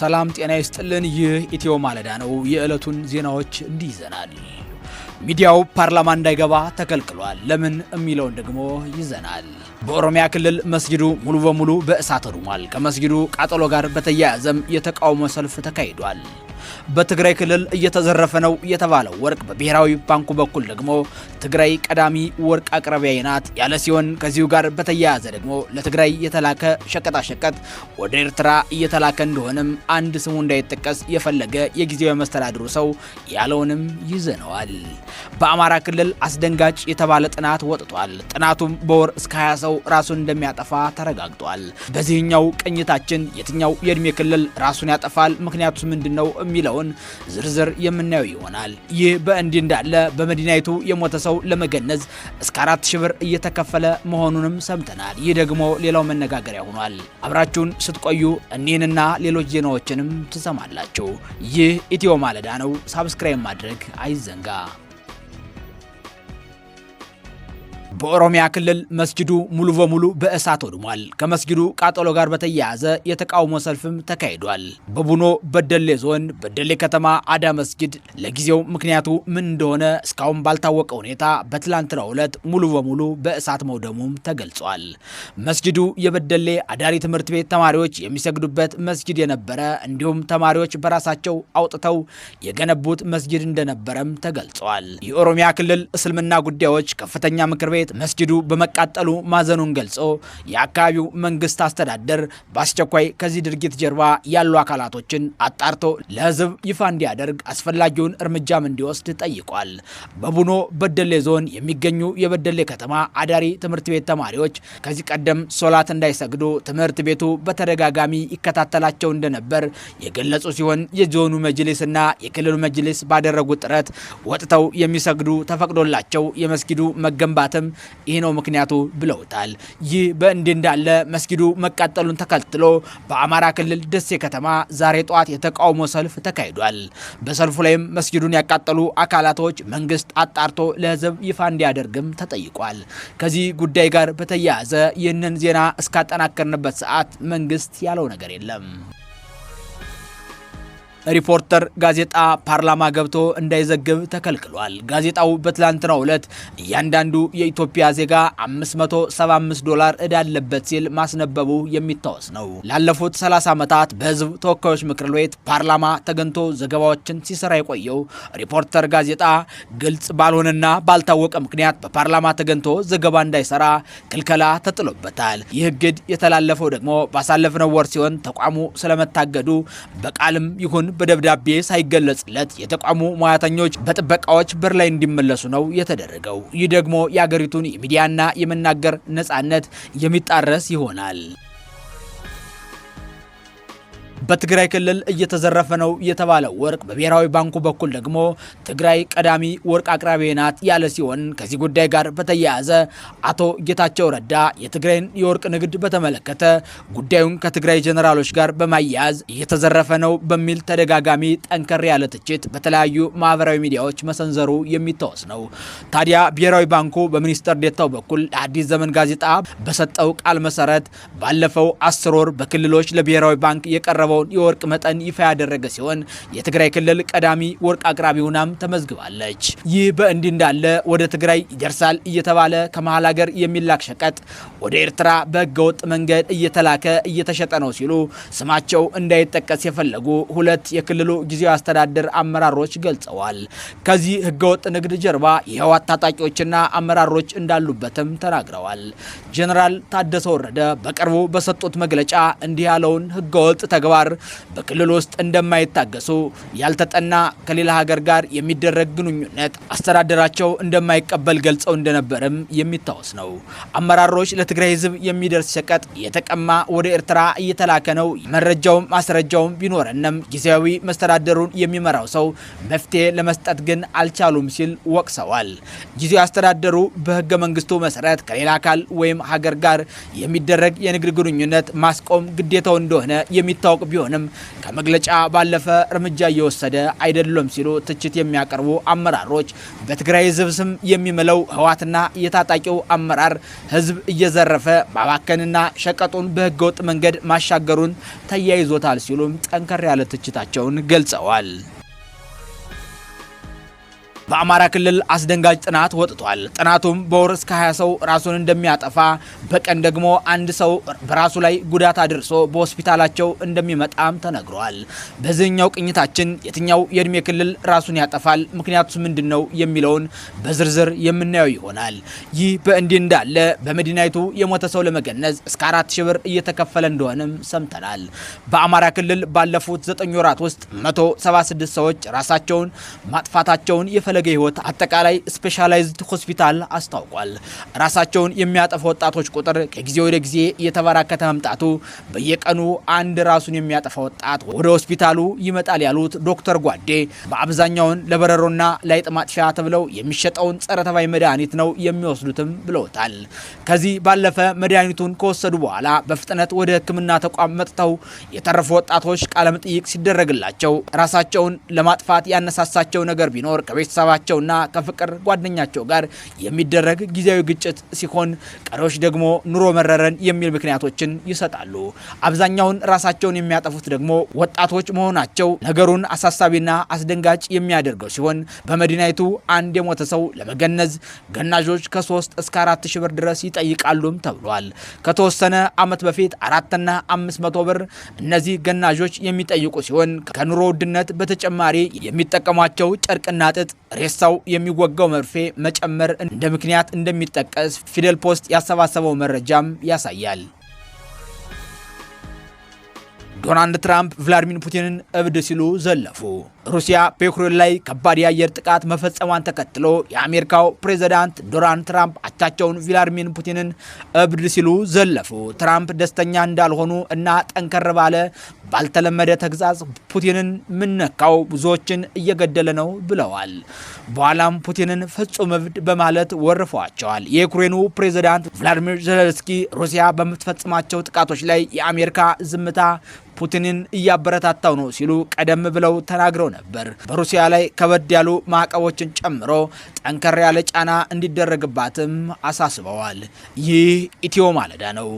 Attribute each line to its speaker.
Speaker 1: ሰላም ጤና ይስጥልን። ይህ ኢትዮ ማለዳ ነው። የዕለቱን ዜናዎች እንዲህ ይዘናል። ሚዲያው ፓርላማ እንዳይገባ ተከልክሏል። ለምን የሚለውን ደግሞ ይዘናል። በኦሮሚያ ክልል መስጊዱ ሙሉ በሙሉ በእሳት ወድሟል። ከመስጊዱ ቃጠሎ ጋር በተያያዘም የተቃውሞ ሰልፍ ተካሂዷል። በትግራይ ክልል እየተዘረፈ ነው የተባለው ወርቅ በብሔራዊ ባንኩ በኩል ደግሞ ትግራይ ቀዳሚ ወርቅ አቅራቢያ ናት ያለ ሲሆን ከዚሁ ጋር በተያያዘ ደግሞ ለትግራይ የተላከ ሸቀጣሸቀጥ ወደ ኤርትራ እየተላከ እንደሆነም አንድ ስሙ እንዳይጠቀስ የፈለገ የጊዜያዊ መስተዳድሩ ሰው ያለውንም ይዘነዋል። በአማራ ክልል አስደንጋጭ የተባለ ጥናት ወጥቷል። ጥናቱም በወር እስከ 20 ሰው ራሱን እንደሚያጠፋ ተረጋግጧል። በዚህኛው ቅኝታችን የትኛው የእድሜ ክልል ራሱን ያጠፋል? ምክንያቱስ ምንድን ነው? የሚለውን ዝርዝር የምናየው ይሆናል። ይህ በእንዲህ እንዳለ በመዲናይቱ የሞተ ሰው ለመገነዝ እስከ አራት ሺ ብር እየተከፈለ መሆኑንም ሰምተናል። ይህ ደግሞ ሌላው መነጋገሪያ ሆኗል። አብራችሁን ስትቆዩ እኒህንና ሌሎች ዜናዎችንም ትሰማላችሁ። ይህ ኢትዮ ማለዳ ነው። ሳብስክራይብ ማድረግ አይዘንጋ። በኦሮሚያ ክልል መስጅዱ ሙሉ በሙሉ በእሳት ወድሟል። ከመስጅዱ ቃጠሎ ጋር በተያያዘ የተቃውሞ ሰልፍም ተካሂዷል። በቡኖ በደሌ ዞን በደሌ ከተማ አዳ መስጊድ ለጊዜው ምክንያቱ ምን እንደሆነ እስካሁን ባልታወቀ ሁኔታ በትላንትናው ዕለት ሙሉ በሙሉ በእሳት መውደሙም ተገልጿል። መስጅዱ የበደሌ አዳሪ ትምህርት ቤት ተማሪዎች የሚሰግዱበት መስጅድ የነበረ እንዲሁም ተማሪዎች በራሳቸው አውጥተው የገነቡት መስጅድ እንደነበረም ተገልጿል። የኦሮሚያ ክልል እስልምና ጉዳዮች ከፍተኛ ምክር ቤት ሌሊት መስጅዱ በመቃጠሉ ማዘኑን ገልጾ የአካባቢው መንግስት አስተዳደር በአስቸኳይ ከዚህ ድርጊት ጀርባ ያሉ አካላቶችን አጣርቶ ለህዝብ ይፋ እንዲያደርግ አስፈላጊውን እርምጃም እንዲወስድ ጠይቋል። በቡኖ በደሌ ዞን የሚገኙ የበደሌ ከተማ አዳሪ ትምህርት ቤት ተማሪዎች ከዚህ ቀደም ሶላት እንዳይሰግዱ ትምህርት ቤቱ በተደጋጋሚ ይከታተላቸው እንደነበር የገለጹ ሲሆን የዞኑ መጅሊስና የክልሉ መጅሊስ ባደረጉት ጥረት ወጥተው የሚሰግዱ ተፈቅዶላቸው የመስጊዱ መገንባትም ይህ ነው ምክንያቱ ብለውታል። ይህ በእንዲህ እንዳለ መስጊዱ መቃጠሉን ተከትሎ በአማራ ክልል ደሴ ከተማ ዛሬ ጠዋት የተቃውሞ ሰልፍ ተካሂዷል። በሰልፉ ላይም መስጊዱን ያቃጠሉ አካላቶች መንግስት አጣርቶ ለህዝብ ይፋ እንዲያደርግም ተጠይቋል። ከዚህ ጉዳይ ጋር በተያያዘ ይህንን ዜና እስካጠናከርንበት ሰዓት መንግስት ያለው ነገር የለም። ሪፖርተር ጋዜጣ ፓርላማ ገብቶ እንዳይዘግብ ተከልክሏል። ጋዜጣው በትላንትናው ዕለት እያንዳንዱ የኢትዮጵያ ዜጋ 575 ዶላር ዕዳ አለበት ሲል ማስነበቡ የሚታወስ ነው። ላለፉት 30 ዓመታት በሕዝብ ተወካዮች ምክር ቤት ፓርላማ ተገንቶ ዘገባዎችን ሲሰራ የቆየው ሪፖርተር ጋዜጣ ግልጽ ባልሆነና ባልታወቀ ምክንያት በፓርላማ ተገንቶ ዘገባ እንዳይሰራ ክልከላ ተጥሎበታል። ይህ እግድ የተላለፈው ደግሞ ባሳለፍነው ወር ሲሆን ተቋሙ ስለመታገዱ በቃልም ይሁን በደብዳቤ ሳይገለጽለት የተቋሙ ሙያተኞች በጥበቃዎች በር ላይ እንዲመለሱ ነው የተደረገው። ይህ ደግሞ የአገሪቱን የሚዲያና የመናገር ነጻነት የሚጣረስ ይሆናል። በትግራይ ክልል እየተዘረፈ ነው የተባለው ወርቅ በብሔራዊ ባንኩ በኩል ደግሞ ትግራይ ቀዳሚ ወርቅ አቅራቢ ናት ያለ ሲሆን ከዚህ ጉዳይ ጋር በተያያዘ አቶ ጌታቸው ረዳ የትግራይን የወርቅ ንግድ በተመለከተ ጉዳዩን ከትግራይ ጀኔራሎች ጋር በማያያዝ እየተዘረፈ ነው በሚል ተደጋጋሚ ጠንከር ያለ ትችት በተለያዩ ማህበራዊ ሚዲያዎች መሰንዘሩ የሚታወስ ነው። ታዲያ ብሔራዊ ባንኩ በሚኒስትር ዴታው በኩል ለአዲስ ዘመን ጋዜጣ በሰጠው ቃል መሰረት ባለፈው አስር ወር በክልሎች ለብሔራዊ ባንክ የቀረበው ያቀረበውን የወርቅ መጠን ይፋ ያደረገ ሲሆን የትግራይ ክልል ቀዳሚ ወርቅ አቅራቢ ሆናም ተመዝግባለች። ይህ በእንዲህ እንዳለ ወደ ትግራይ ይደርሳል እየተባለ ከመሀል ሀገር የሚላክ ሸቀጥ ወደ ኤርትራ በህገወጥ መንገድ እየተላከ እየተሸጠ ነው ሲሉ ስማቸው እንዳይጠቀስ የፈለጉ ሁለት የክልሉ ጊዜያዊ አስተዳደር አመራሮች ገልጸዋል። ከዚህ ህገወጥ ንግድ ጀርባ የህወሓት ታጣቂዎችና አመራሮች እንዳሉበትም ተናግረዋል። ጄኔራል ታደሰ ወረደ በቅርቡ በሰጡት መግለጫ እንዲህ ያለውን ህገወጥ ተግባር ተግባር በክልል ውስጥ እንደማይታገሱ ያልተጠና ከሌላ ሀገር ጋር የሚደረግ ግንኙነት አስተዳደራቸው እንደማይቀበል ገልጸው እንደነበርም የሚታወስ ነው። አመራሮች ለትግራይ ሕዝብ የሚደርስ ሸቀጥ የተቀማ ወደ ኤርትራ እየተላከ ነው። መረጃውም ማስረጃውም ቢኖረንም ጊዜያዊ መስተዳደሩን የሚመራው ሰው መፍትሄ ለመስጠት ግን አልቻሉም ሲል ወቅሰዋል። ጊዜያዊ አስተዳደሩ በህገ መንግስቱ መሰረት ከሌላ አካል ወይም ሀገር ጋር የሚደረግ የንግድ ግንኙነት ማስቆም ግዴታው እንደሆነ የሚታወቅ ቢሆንም ከመግለጫ ባለፈ እርምጃ እየወሰደ አይደለም ሲሉ ትችት የሚያቀርቡ አመራሮች በትግራይ ህዝብ ስም የሚምለው ህወሓትና የታጣቂው አመራር ህዝብ እየዘረፈ ማባከንና ሸቀጡን በህገወጥ መንገድ ማሻገሩን ተያይዞታል ሲሉም ጠንከር ያለ ትችታቸውን ገልጸዋል። በአማራ ክልል አስደንጋጭ ጥናት ወጥቷል። ጥናቱም በወር እስከ 20 ሰው ራሱን እንደሚያጠፋ በቀን ደግሞ አንድ ሰው በራሱ ላይ ጉዳት አድርሶ በሆስፒታላቸው እንደሚመጣም ተነግሯል። በዚህኛው ቅኝታችን የትኛው የእድሜ ክልል ራሱን ያጠፋል፣ ምክንያቱስ ምንድን ነው የሚለውን በዝርዝር የምናየው ይሆናል። ይህ በእንዲህ እንዳለ በመዲናይቱ የሞተ ሰው ለመገነዝ እስከ አራት ሺ ብር እየተከፈለ እንደሆነም ሰምተናል። በአማራ ክልል ባለፉት ዘጠኝ ወራት ውስጥ 176 ሰዎች ራሳቸውን ማጥፋታቸውን የፈለ ፈለገ ህይወት አጠቃላይ ስፔሻላይዝድ ሆስፒታል አስታውቋል። ራሳቸውን የሚያጠፉ ወጣቶች ቁጥር ከጊዜ ወደ ጊዜ እየተበራከተ መምጣቱ በየቀኑ አንድ ራሱን የሚያጠፋ ወጣት ወደ ሆስፒታሉ ይመጣል ያሉት ዶክተር ጓዴ በአብዛኛውን ለበረሮና ለአይጥ ማጥፊያ ተብለው የሚሸጠውን ጸረ ተባይ መድኃኒት ነው የሚወስዱትም ብለውታል። ከዚህ ባለፈ መድኃኒቱን ከወሰዱ በኋላ በፍጥነት ወደ ሕክምና ተቋም መጥተው የተረፉ ወጣቶች ቃለመጠይቅ ሲደረግላቸው ራሳቸውን ለማጥፋት ያነሳሳቸው ነገር ቢኖር ከቤተሰብ ቤተሰባቸውና ከፍቅር ጓደኛቸው ጋር የሚደረግ ጊዜያዊ ግጭት ሲሆን፣ ቀሪዎች ደግሞ ኑሮ መረረን የሚል ምክንያቶችን ይሰጣሉ። አብዛኛውን ራሳቸውን የሚያጠፉት ደግሞ ወጣቶች መሆናቸው ነገሩን አሳሳቢና አስደንጋጭ የሚያደርገው ሲሆን በመዲናይቱ አንድ የሞተ ሰው ለመገነዝ ገናዦች ከሶስት እስከ አራት ሺ ብር ድረስ ይጠይቃሉም ተብሏል። ከተወሰነ ዓመት በፊት አራትና አምስት መቶ ብር እነዚህ ገናዦች የሚጠይቁ ሲሆን ከኑሮ ውድነት በተጨማሪ የሚጠቀሟቸው ጨርቅና ጥጥ ሬሳው የሚወጋው መርፌ መጨመር እንደ ምክንያት እንደሚጠቀስ ፊደል ፖስት ያሰባሰበው መረጃም ያሳያል። ዶናልድ ትራምፕ ቭላዲሚር ፑቲንን እብድ ሲሉ ዘለፉ። ሩሲያ በዩክሬን ላይ ከባድ የአየር ጥቃት መፈጸሟን ተከትሎ የአሜሪካው ፕሬዝዳንት ዶናልድ ትራምፕ አቻቸውን ቭላዲሚር ፑቲንን እብድ ሲሉ ዘለፉ። ትራምፕ ደስተኛ እንዳልሆኑ እና ጠንከር ባለ ባልተለመደ ተግዛዝ ፑቲንን ምነካው ብዙዎችን እየገደለ ነው ብለዋል። በኋላም ፑቲንን ፍጹም እብድ በማለት ወርፈዋቸዋል። የዩክሬኑ ፕሬዝዳንት ቭላዲሚር ዘለንስኪ ሩሲያ በምትፈጽማቸው ጥቃቶች ላይ የአሜሪካ ዝምታ ፑቲንን እያበረታታው ነው ሲሉ ቀደም ብለው ተናግረው ነበር። በሩሲያ ላይ ከበድ ያሉ ማዕቀቦችን ጨምሮ ጠንከር ያለ ጫና እንዲደረግባትም አሳስበዋል። ይህ ኢትዮ ማለዳ ነው።